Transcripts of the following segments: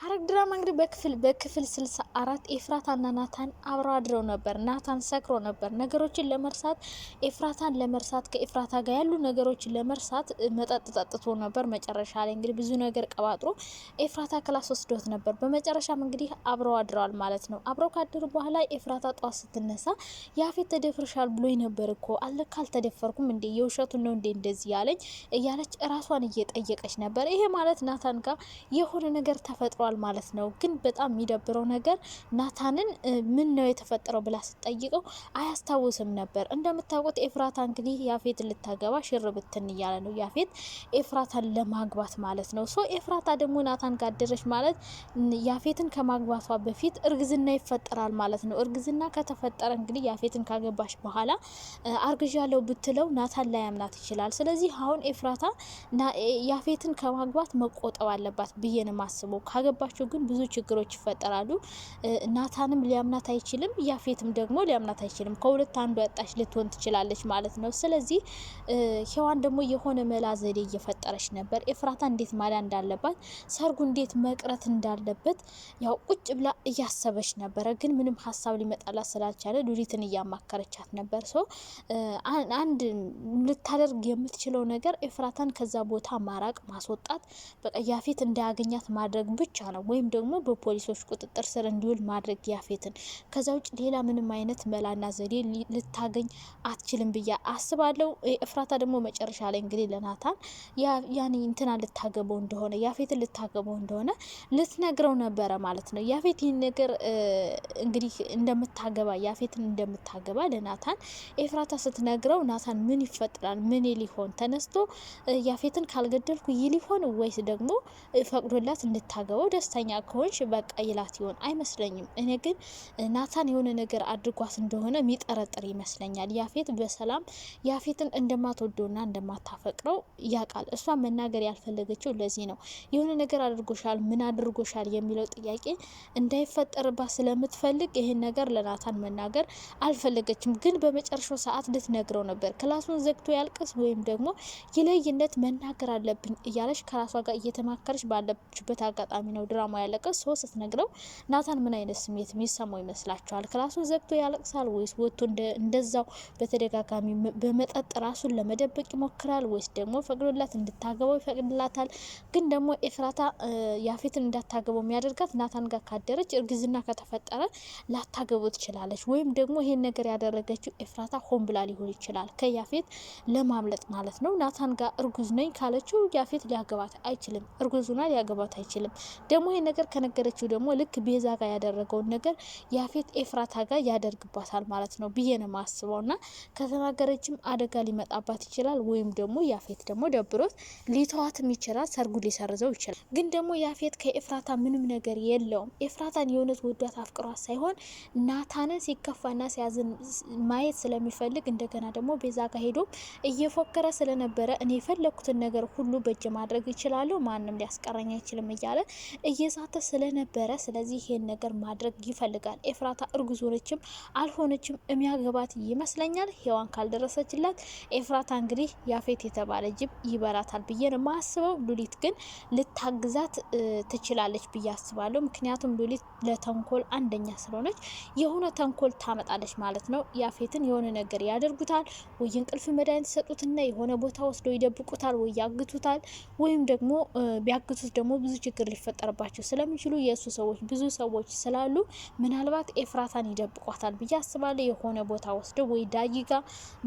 ሐረግ ድራማ እንግዲህ በክፍል በክፍል ስልሳ አራት ኤፍራታና ናታን አብረው አድረው ነበር። ናታን ሰክሮ ነበር። ነገሮችን ለመርሳት ኤፍራታን ለመርሳት ከኤፍራታ ጋር ያሉ ነገሮችን ለመርሳት መጠጥ ጠጥቶ ነበር። መጨረሻ ላይ እንግዲህ ብዙ ነገር ቀባጥሮ ኤፍራታ ክላስ ወስዶት ነበር። በመጨረሻም እንግዲህ አብረው አድረዋል ማለት ነው። አብረው ካደሩ በኋላ ኤፍራታ ጠዋት ስትነሳ ያፌት ተደፍርሻል ብሎ ነበር እኮ አለካ አልተደፈርኩም እንዴ የውሸቱን ነው እንዴ እንደዚህ ያለኝ እያለች ራሷን እየጠየቀች ነበር። ይሄ ማለት ናታን ጋር የሆነ ነገር ተፈጥሯል ተፈጥሯል ማለት ነው። ግን በጣም የሚደብረው ነገር ናታንን ምን ነው የተፈጠረው ብላ ስጠይቀው አያስታውስም ነበር። እንደምታውቁት ኤፍራታ እንግዲህ ያፌት ልታገባ ሽር ብትን እያለ ነው ያፌት ኤፍራታን ለማግባት ማለት ነው። ሶ ኤፍራታ ደግሞ ናታን ጋደረች ማለት ያፌትን ከማግባቷ በፊት እርግዝና ይፈጠራል ማለት ነው። እርግዝና ከተፈጠረ እንግዲህ ያፌትን ካገባች በኋላ አርግዣለው ብትለው ናታን ላያምናት ይችላል። ስለዚህ አሁን ኤፍራታ ያፌትን ከማግባት መቆጠብ አለባት ብዬ ነው የማስበው። ካገባቸው ግን ብዙ ችግሮች ይፈጠራሉ። ናታንም ሊያምናት አይችልም፣ ያፌትም ደግሞ ሊያምናት አይችልም። ከሁለት አንዱ ያጣች ልትሆን ትችላለች ማለት ነው። ስለዚህ ሔዋን ደግሞ የሆነ መላ ዘዴ እየፈ እየተፈጠረች ነበር። ኤፍራታ እንዴት ማዳ እንዳለባት፣ ሰርጉ እንዴት መቅረት እንዳለበት ያው ቁጭ ብላ እያሰበች ነበረ። ግን ምንም ሀሳብ ሊመጣላት ስላልቻለ ሉሊትን እያማከረቻት ነበር። ሰው አንድ ልታደርግ የምትችለው ነገር ኤፍራታን ከዛ ቦታ ማራቅ፣ ማስወጣት፣ በቃ ያፌት እንዳያገኛት ማድረግ ብቻ ነው። ወይም ደግሞ በፖሊሶች ቁጥጥር ስር እንዲውል ማድረግ ያፌትን። ከዛ ውጭ ሌላ ምንም አይነት መላና ዘዴ ልታገኝ አትችልም ብዬ አስባለሁ። ኤፍራታ ደግሞ መጨረሻ ላይ እንግዲህ ለናታን ያኔ እንትና ልታገበው እንደሆነ ያፌትን ልታገበው እንደሆነ ልትነግረው ነበረ ማለት ነው። ያፌት ይህን ነገር እንግዲህ እንደምታገባ ያፌትን እንደምታገባ ለናታን ኤፍራታ ስትነግረው ናታን ምን ይፈጥራል? ምን ሊሆን ተነስቶ ያፌትን ካልገደልኩ ይህ ሊሆን ወይስ ደግሞ ፈቅዶላት እንድታገበው ደስተኛ ከሆንሽ በቃ ይላት ይሆን? አይመስለኝም። እኔ ግን ናታን የሆነ ነገር አድርጓት እንደሆነ የሚጠረጥር ይመስለኛል። ያፌት በሰላም ያፌትን እንደማትወደውና እንደማታፈቅረው ያውቃል። እሷ መናገር ያልፈለገችው ለዚህ ነው። የሆነ ነገር አድርጎሻል፣ ምን አድርጎሻል የሚለው ጥያቄ እንዳይፈጠርባት ስለምትፈልግ ይህን ነገር ለናታን መናገር አልፈለገችም። ግን በመጨረሻው ሰዓት ልትነግረው ነበር። ክላሱን ዘግቶ ያልቅስ ወይም ደግሞ የለይነት መናገር አለብኝ እያለች ከራሷ ጋር እየተማከረች ባለችበት አጋጣሚ ነው ድራማ ያለቀ ሰው ስትነግረው ናታን ምን አይነት ስሜት የሚሰማው ይመስላችኋል? ክላሱን ዘግቶ ያለቅሳል ወይስ ወጥቶ እንደዛው በተደጋጋሚ በመጠጥ ራሱን ለመደበቅ ይሞክራል ወይስ ደግሞ ፈቅዶላት እንድታገባው ይፈቅድላታል። ግን ደግሞ ኤፍራታ ያፌትን እንዳታገበው የሚያደርጋት ናታን ጋር ካደረች እርግዝና ከተፈጠረ ላታገባው ትችላለች። ወይም ደግሞ ይሄን ነገር ያደረገችው ኤፍራታ ሆን ብላ ሊሆን ይችላል፣ ከያፌት ለማምለጥ ማለት ነው። ናታን ጋር እርጉዝ ነኝ ካለችው ያፌት ሊያገባት አይችልም። እርጉዙና ሊያገባት አይችልም። ደግሞ ይሄን ነገር ከነገረችው ደግሞ ልክ ቤዛ ጋር ያደረገውን ነገር ያፌት ኤፍራታ ጋር ያደርግባታል ማለት ነው ብዬ ነው ማስበው። እና ከተናገረችም አደጋ ሊመጣባት ይችላል። ወይም ደግሞ ያፌት ደግሞ ደብሮት ሊተዋት ይችላል ሰርጉ ሊሰርዘው ይችላል። ግን ደግሞ ያፌት ከኤፍራታ ምንም ነገር የለውም። ኤፍራታን የእውነት ወዷት አፍቅሯት ሳይሆን ናታንን ሲከፋና ሲያዝን ማየት ስለሚፈልግ እንደገና ደግሞ ቤዛ ጋር ሄዶ እየፎከረ ስለነበረ እኔ የፈለግኩትን ነገር ሁሉ በእጅ ማድረግ ይችላለሁ፣ ማንም ሊያስቀረኝ አይችልም እያለ እየዛተ ስለነበረ ስለዚህ ይሄን ነገር ማድረግ ይፈልጋል። ኤፍራታ እርጉዝ ሆነችም አልሆነችም የሚያገባት ይመስለኛል። ሔዋን ካልደረሰችላት ኤፍራታ እንግዲህ ያፌት የተባለ ጅብ ይበራል። ይረዳታል ብዬ ነው የማስበው። ሉሊት ግን ልታግዛት ትችላለች ብዬ አስባለሁ። ምክንያቱም ሉሊት ለተንኮል አንደኛ ስለሆነች የሆነ ተንኮል ታመጣለች ማለት ነው። ያፌትን የሆነ ነገር ያደርጉታል ወይ እንቅልፍ መድኃኒት ሰጡትና የሆነ ቦታ ወስደው ይደብቁታል ወይ ያግቱታል፣ ወይም ደግሞ ቢያግቱት ደግሞ ብዙ ችግር ሊፈጠርባቸው ስለሚችሉ የእሱ ሰዎች ብዙ ሰዎች ስላሉ ምናልባት ኤፍራታን ይደብቋታል ብዬ አስባለሁ። የሆነ ቦታ ወስደው ወይ ዳጊጋ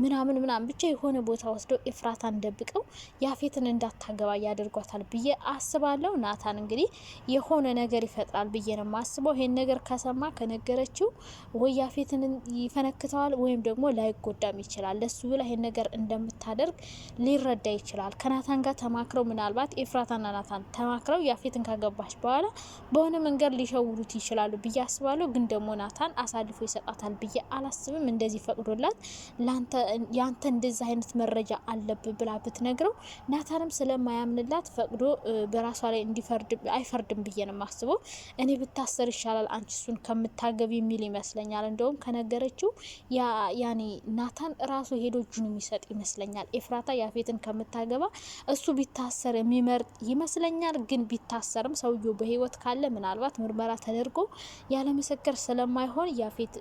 ምናምን ምናምን ብቻ የሆነ ቦታ ወስደው ኤፍራታን ደብቀው ያፌት ሴትን እንዳታገባ ያደርጓታል ብዬ አስባለሁ። ናታን እንግዲህ የሆነ ነገር ይፈጥራል ብዬ ነው የማስበው። ይሄን ነገር ከሰማ ከነገረችው ወይ ያፌትን ይፈነክተዋል ወይም ደግሞ ላይጎዳም ይችላል። ለሱ ብላ ይሄን ነገር እንደምታደርግ ሊረዳ ይችላል። ከናታን ጋር ተማክረው ምናልባት ኤፍራታና ናታን ተማክረው ያፌትን ካገባች በኋላ በሆነ መንገድ ሊሸውሉት ይችላሉ ብዬ አስባለሁ። ግን ደግሞ ናታን አሳልፎ ይሰጣታል ብዬ አላስብም። እንደዚህ ፈቅዶላት ያንተ እንደዚህ አይነት መረጃ አለብ ብላ ብትነግረው ናታንም ስለማያምንላት ፈቅዶ በራሷ ላይ እንዲፈርድ አይፈርድም ብዬ ነው የማስበው። እኔ ብታሰር ይሻላል አንቺ እሱን ከምታገብ የሚል ይመስለኛል። እንደውም ከነገረችው ያኔ ናታን ራሱ ሄዶ እጁን የሚሰጥ ይመስለኛል። ኤፍራታ ያፌትን ከምታገባ እሱ ቢታሰር የሚመርጥ ይመስለኛል። ግን ቢታሰርም ሰውየው በህይወት ካለ ምናልባት ምርመራ ተደርጎ ያለምስክር ስለማይሆን ያፌት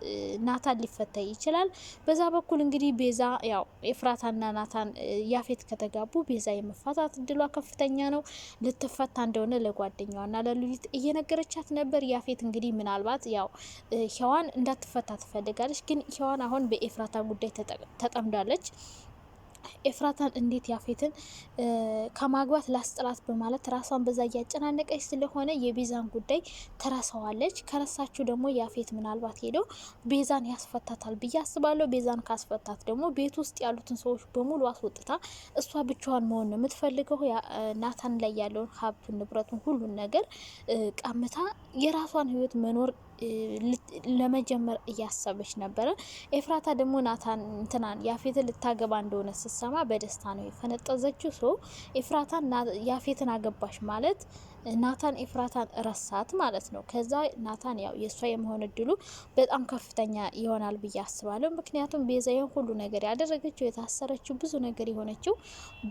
ናታን ሊፈታ ይችላል። በዛ በኩል እንግዲህ ቤዛ ያው ኤፍራታና ናታን ያፌት ከተጋቡ ቤዛ የመፋታት እድሏ ከፍተኛ ነው። ልትፈታ እንደሆነ ና ለሉሊት እየነገረቻት ነበር። ያፌት እንግዲህ ምናልባት ያው ሔዋን እንዳትፈታ ትፈልጋለች፣ ግን ሔዋን አሁን በኤፍራታ ጉዳይ ተጠምዳለች። ኤፍራታን እንዴት ያፌትን ከማግባት ላስጥላት በማለት ራሷን በዛ እያጨናነቀች ስለሆነ የቤዛን ጉዳይ ትረሳዋለች። ከረሳችሁ ደግሞ ያፌት ምናልባት ሄደው ቤዛን ያስፈታታል ብዬ አስባለሁ። ቤዛን ካስፈታት ደግሞ ቤት ውስጥ ያሉትን ሰዎች በሙሉ አስወጥታ እሷ ብቻዋን መሆን ነው የምትፈልገው። ናታን ላይ ያለውን ሀብቱን፣ ንብረቱን፣ ሁሉን ነገር ቀምታ የራሷን ህይወት መኖር ለመጀመር እያሰበች ነበረ። ኤፍራታ ደግሞ ናታን እንትናን ያፌትን ልታገባ እንደሆነ ስትሰማ በደስታ ነው የፈነጠዘችው። ሰው ኤፍራታን ያፌትን አገባሽ ማለት ናታን ኤፍራታን ረሳት ማለት ነው። ከዛ ናታን ያው የእሷ የመሆን እድሉ በጣም ከፍተኛ ይሆናል ብዬ አስባለሁ። ምክንያቱም ቤዛ ይህን ሁሉ ነገር ያደረገችው የታሰረችው ብዙ ነገር የሆነችው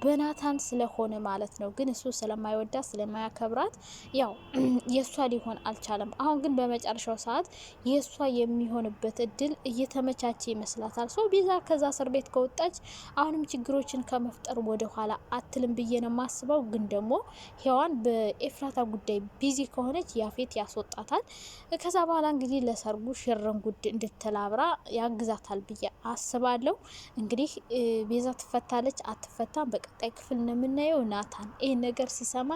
በናታን ስለሆነ ማለት ነው። ግን እሱ ስለማይወዳት ስለማያከብራት ያው የእሷ ሊሆን አልቻለም። አሁን ግን በመጨረሻው ሰዓት የእሷ የሚሆንበት እድል እየተመቻቸ ይመስላታል። ሰው ቤዛ ከዛ እስር ቤት ከወጣች አሁንም ችግሮችን ከመፍጠር ወደኋላ አትልም ብዬ ነው የማስበው። ግን ደግሞ ሔዋን በኤፍ በኤፍራታ ጉዳይ ቢዚ ከሆነች ያፌት ያስወጣታል። ከዛ በኋላ እንግዲህ ለሰርጉ ጉድ እንድትላብራ ያግዛታል ብዬ አስባለሁ። እንግዲህ ቤዛ ትፈታለች አትፈታም፣ በቀጣይ ክፍል ነው የምናየው። ናታን ይህን ነገር ሲሰማ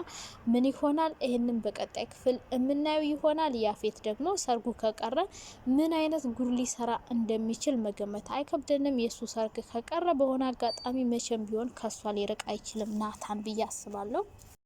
ምን ይሆናል? ይህንን በቀጣይ ክፍል የምናየው ይሆናል። ያፌት ደግሞ ሰርጉ ከቀረ ምን አይነት ጉድ ሊሰራ እንደሚችል መገመት አይከብደንም። የእሱ ሰርግ ከቀረ በሆነ አጋጣሚ መቼም ቢሆን ከሷ ሊርቅ አይችልም ናታን ብዬ አስባለሁ።